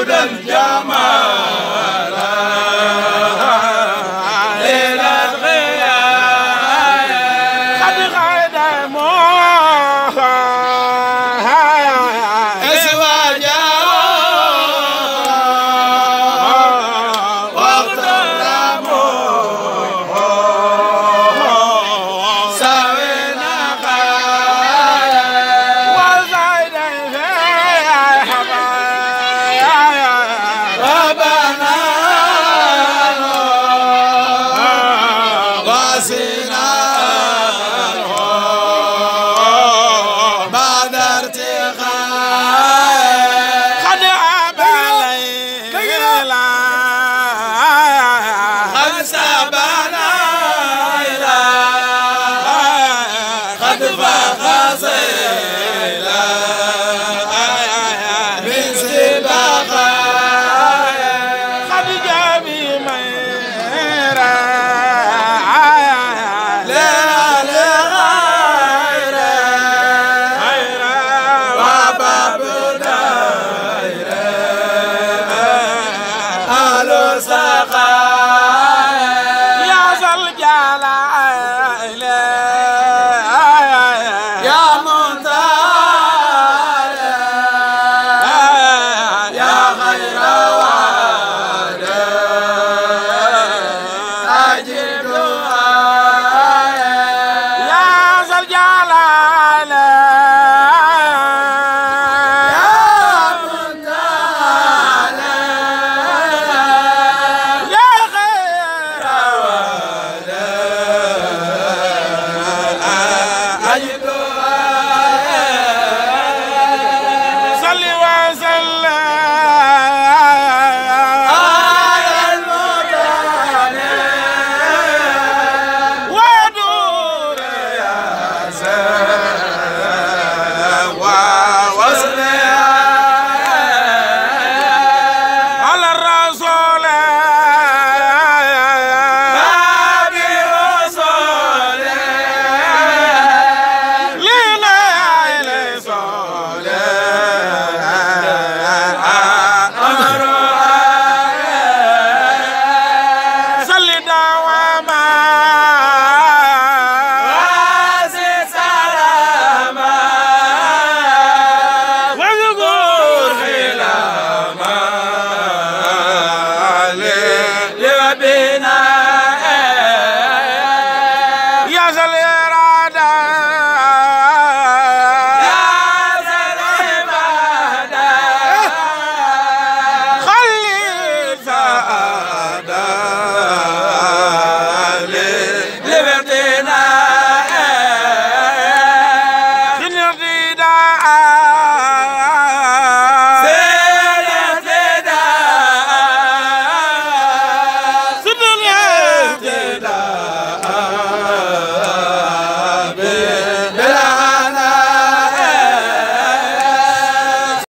Gudan Jama'a.